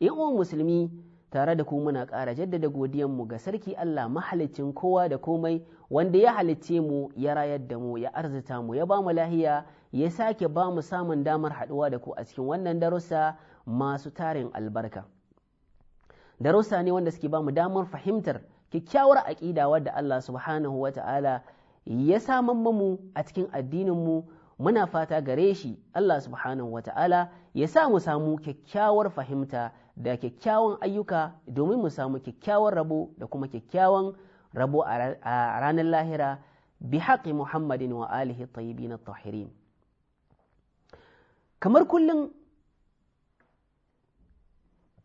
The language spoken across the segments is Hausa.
‘yan uwan musulmi tare da ku muna ƙara jaddada mu ga sarki Allah mahalicin kowa da komai wanda ya halicce mu ya rayar da mu ya arzita mu ya bamu lahiya ya sake bamu samun damar haɗuwa da ku a cikin wannan darussa masu tarin albarka darussa ne wanda suke bamu damar fahimtar kyakkyawar aƙida wadda Allah subhanahu wa ta'ala ya saman mu a cikin addinin mu muna fata gare shi Allah subhanahu wa ta'ala ya sa mu samu kyakkyawar fahimta da kyakkyawan ayyuka domin mu samu kyakkyawar rabo da kuma kyakkyawan rabo a ranar lahira bi haƙi muhammadin wa alihi na tahirin kamar kullum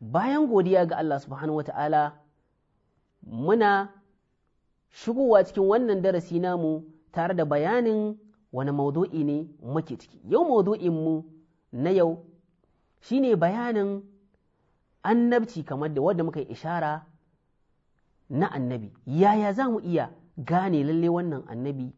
bayan godiya ga Allah subhanahu wa ta'ala muna shigowa cikin wannan darasi namu tare da bayanin wani maudu'i ne muke ciki yau maudu'in mu na yau Shi ne bayanin annabci kamar da wadda muka yi ishara na annabi yaya za mu iya gane lalle wannan annabi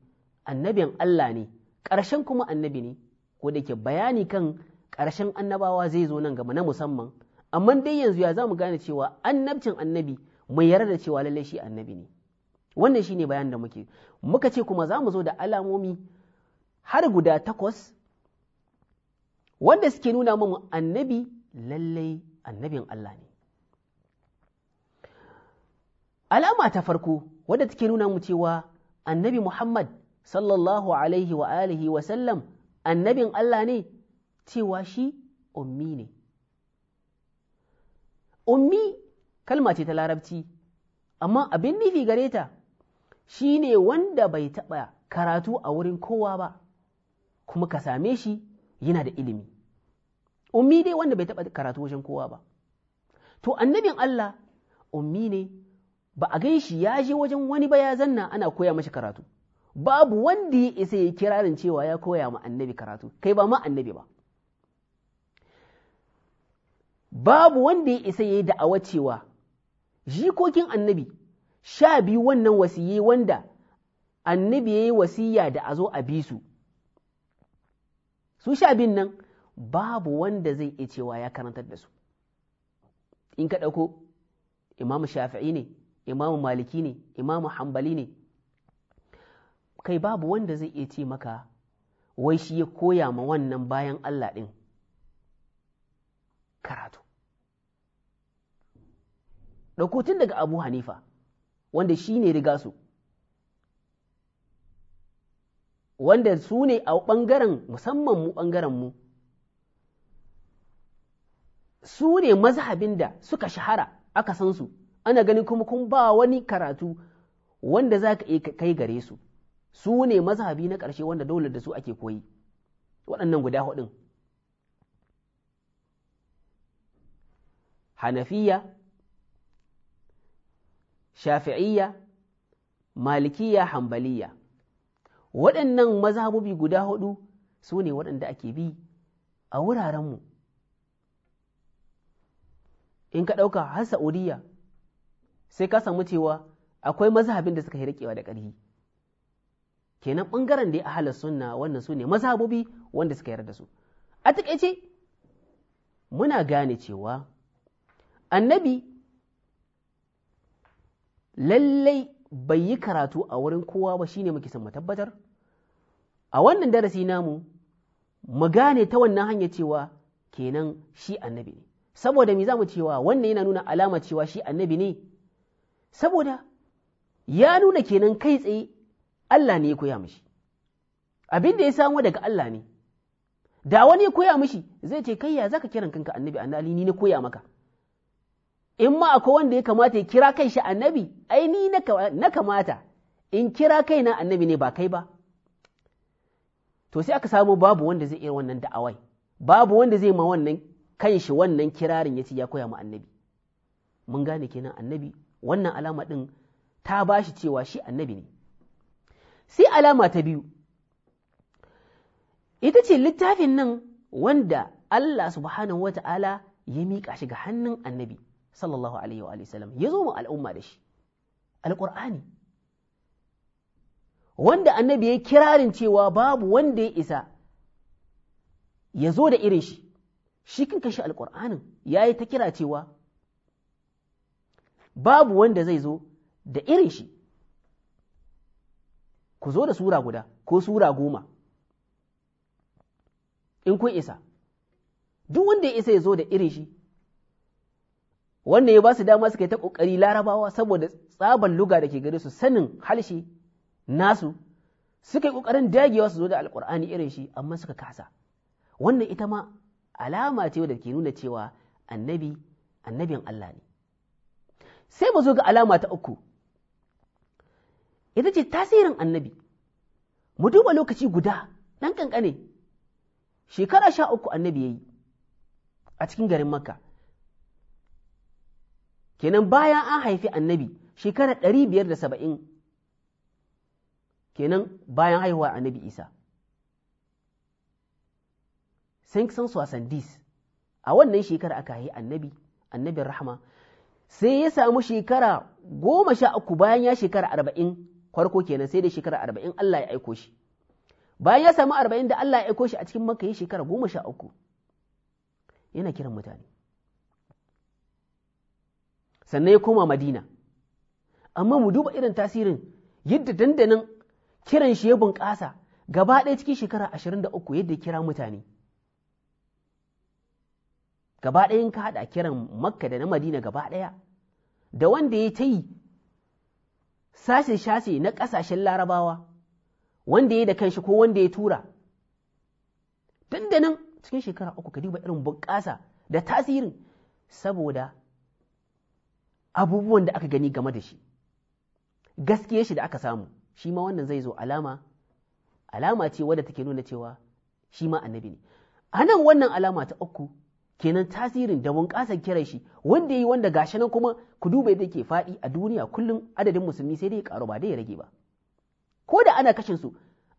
annabin Allah ne ƙarshen kuma annabi ne ko da ke bayani kan ƙarshen annabawa zai zo nan gama na musamman amma dai yanzu ya za mu gane cewa annabcin annabi mai yarda da cewa lalle shi annabi ne wannan shi ne bayanin da muke muka ce kuma za mu zo da alamomi har guda takwas wanda suke nuna mamu annabi lallai annabin Allah ne alama ta farko wadda take nuna mu cewa annabi Muhammad sallallahu alaihi wa alihi wa sallam annabin Allah ne cewa shi ummi ne ummi kalma ce ta larabci amma abin nufi gare ta shi ne wanda bai taɓa karatu a wurin kowa ba kuma ka same shi yana da ilimi ummi dai wanda bai taɓa karatu wajen kowa ba to annabin Allah ummi ne ba a gan shi ya je wajen wani ba ya zanna ana koya mashi karatu babu wanda ya isa ya kirarin cewa ya koya ma annabi karatu kai ba ma annabi ba babu wanda ya isa ya yi da'awa cewa jikokin annabi sha biyu wannan wasiye wanda annabi ya yi wasiya da a zo a bi su su sha bin nan babu wanda zai iya cewa ya karantar da su in ka ɗauko imamu shafi'i ne imamu maliki ne imamu hambali ne kai babu wanda zai iya ce maka wai shi ya koya ma wannan bayan Allah ɗin karatu ɗauko tun daga abu hanifa wanda shi ne riga su wanda su ne a ɓangaren musamman mu ɓangaren mu su ne mazhabin da suka shahara aka san su ana ganin kuma kun ba wani karatu wanda za ka kai gare su su ne mazhabi na ƙarshe wanda dole da su ake koyi waɗannan guda huɗun hanafiya shafi'iyya malikiya hambaliya waɗannan mazhabobi guda huɗu su ne waɗanda ake bi a wurarenmu in ka ɗauka har sa'udiyya sai ka samu cewa akwai mazhabin da suka yi riƙewa da ƙarfi kenan ɓangaren da ya ahalar sunna wannan su ne mazhabobi wanda suka yarda su a taƙaice muna gane cewa annabi lallai bai yi karatu a wurin kowa ba shine muke son mu tabbatar a wannan darasi namu mu gane ta wannan hanya cewa kenan shi annabi ne saboda me zamu cewa wannan yana nuna alama cewa shi annabi ne saboda ya nuna kenan kai tsaye Allah ne ya koya mishi abin da ya samu daga Allah ne da wani ya koya mishi zai ce kai ya zaka kiran kanka annabi annali ni na koya maka in ma akwai wanda ya kamata ya kira kai shi annabi ai ni na kamata in kira kai na annabi ne ba kai ba to sai aka samu babu wanda zai iya wannan da'awai babu wanda zai ma wannan kan shi wannan kirarin ya ci ya koya ma annabi mun gane kenan annabi wannan alama ɗin ta ba shi cewa shi annabi ne sai alama ta biyu ita ce littafin nan wanda Allah subhanahu wata'ala ya miƙa shi ga hannun annabi sallallahu alaihi wa sallam ya zo mu al'umma da shi alƙur'ani wanda annabi ya kirarin cewa babu wanda ya isa ya zo da irin shi shi kan kashi alƙur'anin ya yi ta kira cewa babu wanda zai zo da irin shi ku zo da sura guda ko sura goma in kun isa duk wanda ya isa ya zo da irin shi wanda ya ba su dama suka yi ta ƙoƙari larabawa saboda tsaban luga da ke gare su sanin halshe nasu suka yi ƙoƙarin dagewa su zo da alƙur'ani irin shi amma suka kasa wannan ita ma alama ce da ke nuna cewa annabi annabin Allah ne sai mu zo ga alama ta uku ita ce tasirin annabi mu duba lokaci guda ɗan ƙanƙane shekara sha uku annabi ya yi a cikin garin makka kenan bayan an haifi annabi shekara 570 biyar da saba'in kenan bayan haihuwa annabi isa 570 a wannan shekara aka haifi annabi annabin rahama sai ya samu shekara goma sha uku bayan ya shekara arba'in kwarko kenan sai da shekara arba'in Allah ya aiko shi bayan ya samu arba'in da Allah ya aiko shi a cikin maka ya shekara goma sha uku yana kiran mutane sannan ya koma madina amma mu duba irin tasirin yadda dandanin kiran shi ya bunƙasa gaba ɗaya cikin shekara ashirin da uku yadda kira mutane gaba ɗaya ka haɗa kiran makka da na madina gaba ɗaya da wanda ya ta yi sashe-sashe na ƙasashen larabawa wanda ya da kanshi ko wanda ya tura dandanin cikin shekara uku ka duba irin bunƙasa da tasirin saboda abubuwan da aka gani game da shi gaskiyar shi da aka samu shi ma wannan zai zo alama alama ce wadda take nuna cewa shi ma annabi ne a nan wannan alama ta uku kenan tasirin da bunƙasar kiran shi wanda yi wanda gashi nan kuma ku duba yadda ke faɗi a duniya kullum adadin musulmi sai dai ƙaru ba dai ya rage ba ko da ana kashin su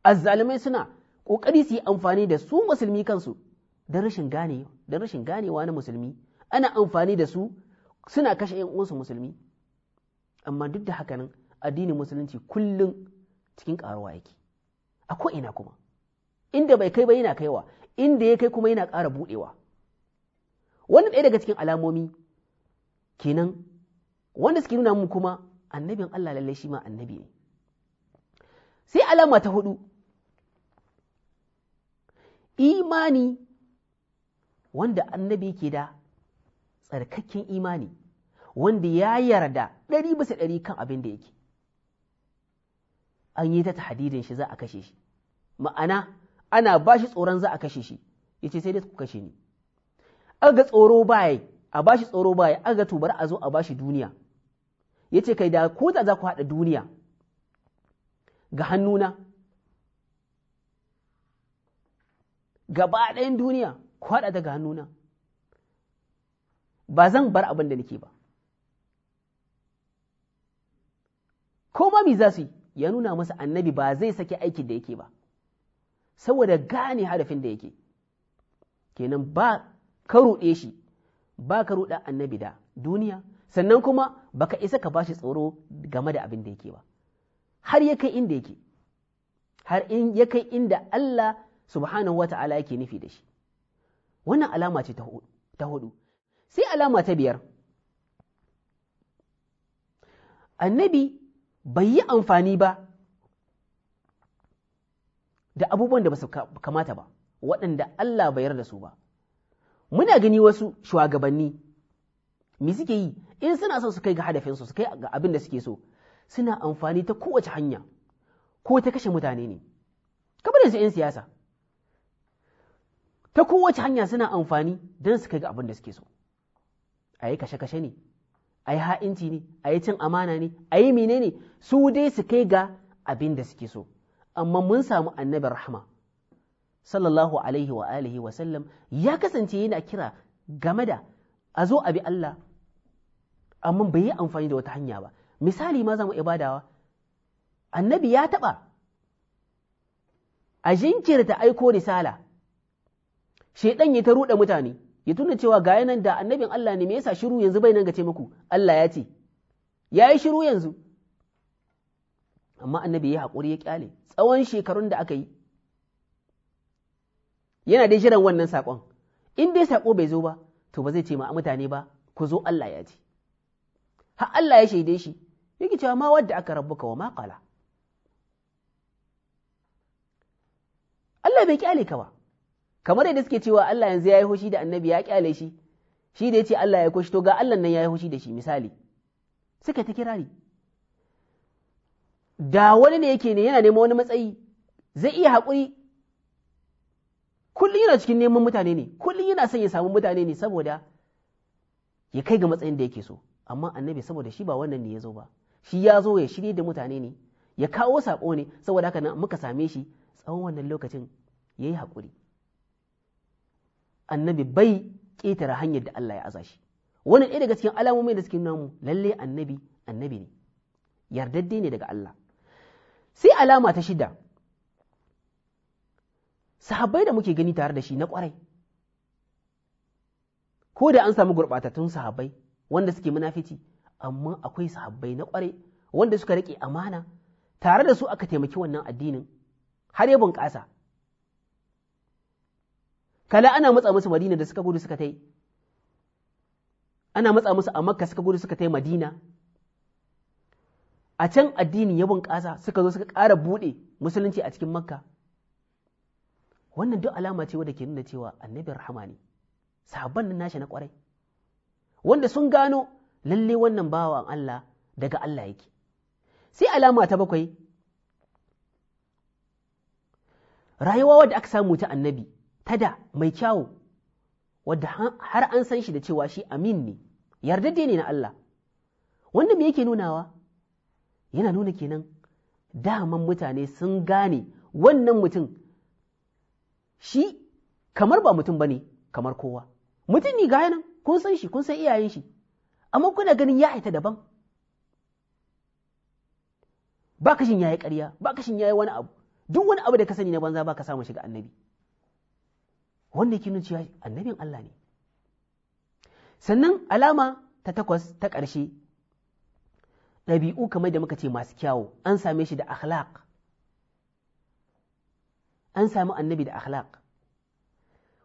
azzalumai suna ƙoƙari su yi amfani da su musulmi kansu rashin gane don rashin ganewa na musulmi ana amfani da su suna kashe ‘yan uwansu musulmi amma duk da haka nan addinin musulunci kullum cikin karuwa yake a ko'ina kuma inda bai kai ba yana kaiwa inda ya kai kuma yana ƙara buɗewa Wani ɗaya daga cikin alamomi kenan wanda suke nuna mu kuma annabin Allah lallai shi ma annabi ne sai alama ta hudu imani wanda annabi ke da tsarkakken imani wanda ya yarda ɗari bisa ɗari kan abin da yake an yi ta tahadidin shi za a kashe shi ma'ana ana ba shi tsoron za a kashe shi ya ce sai dai ku kashe ni aga tsoro baya a ba shi tsoro baya aga to bari a zo a ba shi duniya ya ce kai da ko da za ku haɗa duniya ga hannuna gaba ɗayan duniya ku haɗa ta ga hannuna ba zan bar abin da nake ba ko ma mi za su yi ya nuna masa annabi ba zai sake aikin da yake ba saboda gane harafin da yake kenan ba ka ruɗe shi ba ka ruɗa annabi da duniya sannan kuma ba ka isa ka ba shi tsoro game da abin da yake ba har ya kai inda yake har in ya kai inda Allah subhanahu wa ta'ala yake nufi da shi wannan alama ce ta hudu sai alama ta biyar annabi bai yi amfani ba da abubuwan da ba su kamata ba waɗanda Allah bai yarda su ba muna gani wasu shugabanni me suke yi in suna son su kai ga hadafinsu su kai ga abin da suke so suna amfani ta kowace hanya ko ta kashe mutane ne kamar yanzu 'yan siyasa ta kowace hanya suna amfani don su kai ga abin da suke so a yi kashe-kashe ne a yi ha'inci ne a yi cin amana ne a yi mine ne su dai su kai ga abin da suke so amma mun samu annabi rahama sallallahu alaihi wa alihi wa sallam ya kasance yana kira game da a zo abi Allah amma bai yi amfani da wata hanya ba misali ma za mu ibadawa annabi ya taɓa a jinkirta aiko risala shedan ya ta ruɗe mutane ya tuna cewa ga nan da annabin Allah ne me yasa shiru yanzu bai nan ga ce muku Allah ya ce ya yi shiru yanzu amma annabi ya haƙuri ya ƙyale tsawon shekarun da aka yi yana dai jiran wannan saƙon in dai saƙo bai zo ba to ba zai ce ma mutane ba ku zo Allah ya ce har Allah ya shaide shi yake cewa ma wadda aka rabbuka wa ma qala Allah bai ƙyale ka ba kamar yadda suke cewa Allah yanzu ya yi hushi da annabi ya kyale shi shi da ya ce Allah ya kushi to ga Allah nan ya yi hushi da shi misali suka ta kirari da wani ne yake ne yana neman wani matsayi zai iya haƙuri kullum yana cikin neman mutane ne kullum yana son ya samu mutane ne saboda ya kai ga matsayin da yake so amma annabi saboda shi ba wannan ne ya zo ba shi ya zo ya shirye da mutane ne ya kawo saƙo ne saboda haka muka same shi tsawon wannan lokacin ya yi haƙuri annabi bai ƙetare hanyar da Allah ya aza shi wannan ɗaya daga cikin alamomin da suke nuna mu lalle annabi annabi ne yardadde ne daga Allah sai alama ta shida sahabbai da muke gani tare da shi na kwarai ko da an samu gurɓatattun sahabbai wanda suke munafici amma akwai sahabbai na kwarai wanda suka rike amana tare da su aka taimaki wannan addinin har ya bunƙasa kala ana matsa musu madina da suka gudu suka tai ana matsa musu a makka suka gudu suka tai madina a can addini ya bunƙasa suka zo suka ƙara buɗe musulunci a cikin makka wannan duk alama ce wadda ke nuna cewa annabi rahama ne Sabon nan nashi na kwarai wanda sun gano lalle wannan bawan Allah daga Allah yake sai alama ta bakwai rayuwa wadda aka samu ta annabi tada mai kyawu wadda har an san shi da cewa shi amin ne yardadde ne na Allah wanda me yake nunawa yana nuna kenan daman mutane sun gane wannan mutum shi kamar ba mutum bane kamar kowa mutum ne gaya nan kun san shi kun san iyayen shi amma kuna ganin ya aita daban ba kashin ya yi ƙarya ba kashin ya yi wani abu duk wani abu da ka sani na banza ba ka samu shiga annabi wanda yake nuna cewa annabin Allah ne sannan alama ta takwas ta ƙarshe ɗabi'u kamar da muka ce masu kyawu an same shi da akhlaq an sami annabi da akhlaq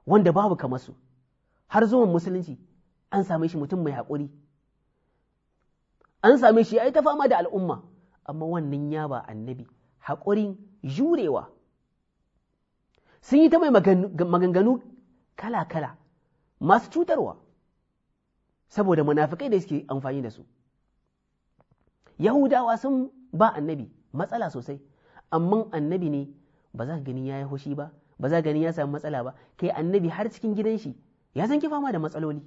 wanda babu kamarsu. har zuwan musulunci an same shi mutum mai haƙuri an same shi ya yi ta fama da al'umma amma wannan ya ba annabi haƙurin jurewa sun yi ta mai maganganu kala-kala masu cutarwa saboda munafikai da suke amfani da su yahudawa sun ba annabi matsala sosai amma annabi ne ba za ka gani ya yi hushi ba ba za ka gani ya samu matsala ba kai annabi har cikin gidan shi ya san ki fama da matsaloli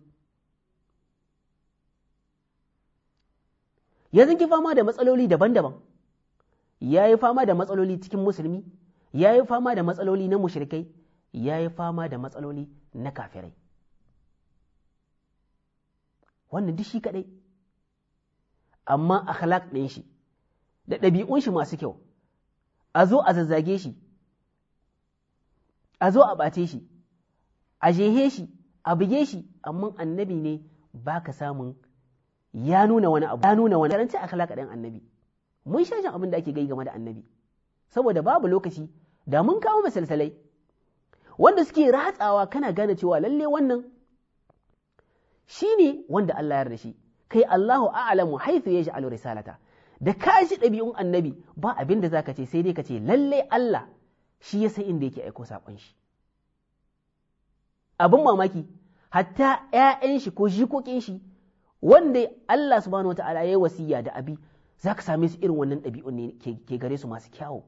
ya san ki fama da matsaloli daban-daban ya yi fama da matsaloli cikin musulmi ya yi fama da matsaloli na mushrikai ya yi fama da matsaloli na kafirai wannan duk shi kaɗai amma akhlaq ɗin shi da ɗabi'un shi masu kyau a zo a zazzage shi a zo a ɓace shi a jehe shi a buge shi amma annabi ne ba ka samun ya nuna wani abu ya nuna wani karanci akhlaq ɗin annabi mun shashin abin da ake gai game da annabi saboda babu lokaci da mun kawo misalsalai wanda suke ratsawa kana gane cewa lalle wannan shi ne wanda Allah ya shi kai Allahu a'lamu haythu alu risalata da ka ɗabi'un annabi ba abin da ka ce sai dai ka ce lalle Allah shi ya san inda yake aiko saƙon shi abin mamaki hatta ‘ya'yan shi ko jikokin shi wanda Allah subhanahu ta'ala ya yi wasiya da abi za ka same su irin wannan ɗabi'un ne ke gare su masu kyawu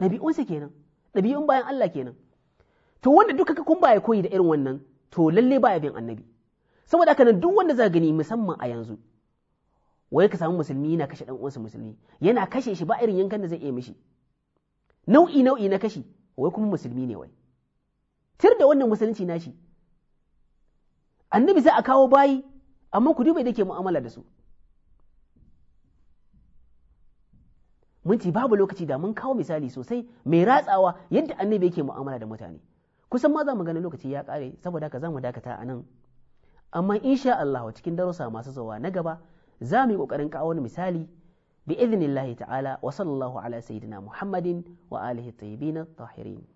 ɗabi'unsa kenan ɗabi'un bayan Allah kenan to wanda duka ka kun baya koyi da irin wannan to lalle baya bin annabi saboda haka nan duk wanda za gani musamman a yanzu wai ka samu musulmi yana kashe dan uwansa musulmi yana kashe shi ba irin yankan da zai iya mishi nau'i nau'i na kashi wai kuma musulmi ne wai tir da wannan musulunci nashi annabi za a kawo bayi amma ku duba da ke mu'amala da su Mun ci babu lokaci da mun kawo misali sosai mai ratsawa yadda annabi yake mu'amala da mutane kusan ma za mu gani lokaci ya kare saboda haka za mu dakata a nan amma insha Allah cikin darussa masu zawa na gaba za mu yi kokarin kawo wani misali bi idnillahi ta'ala wa sallallahu ala sayyidina muhammadin wa alihi tayyibin tahirin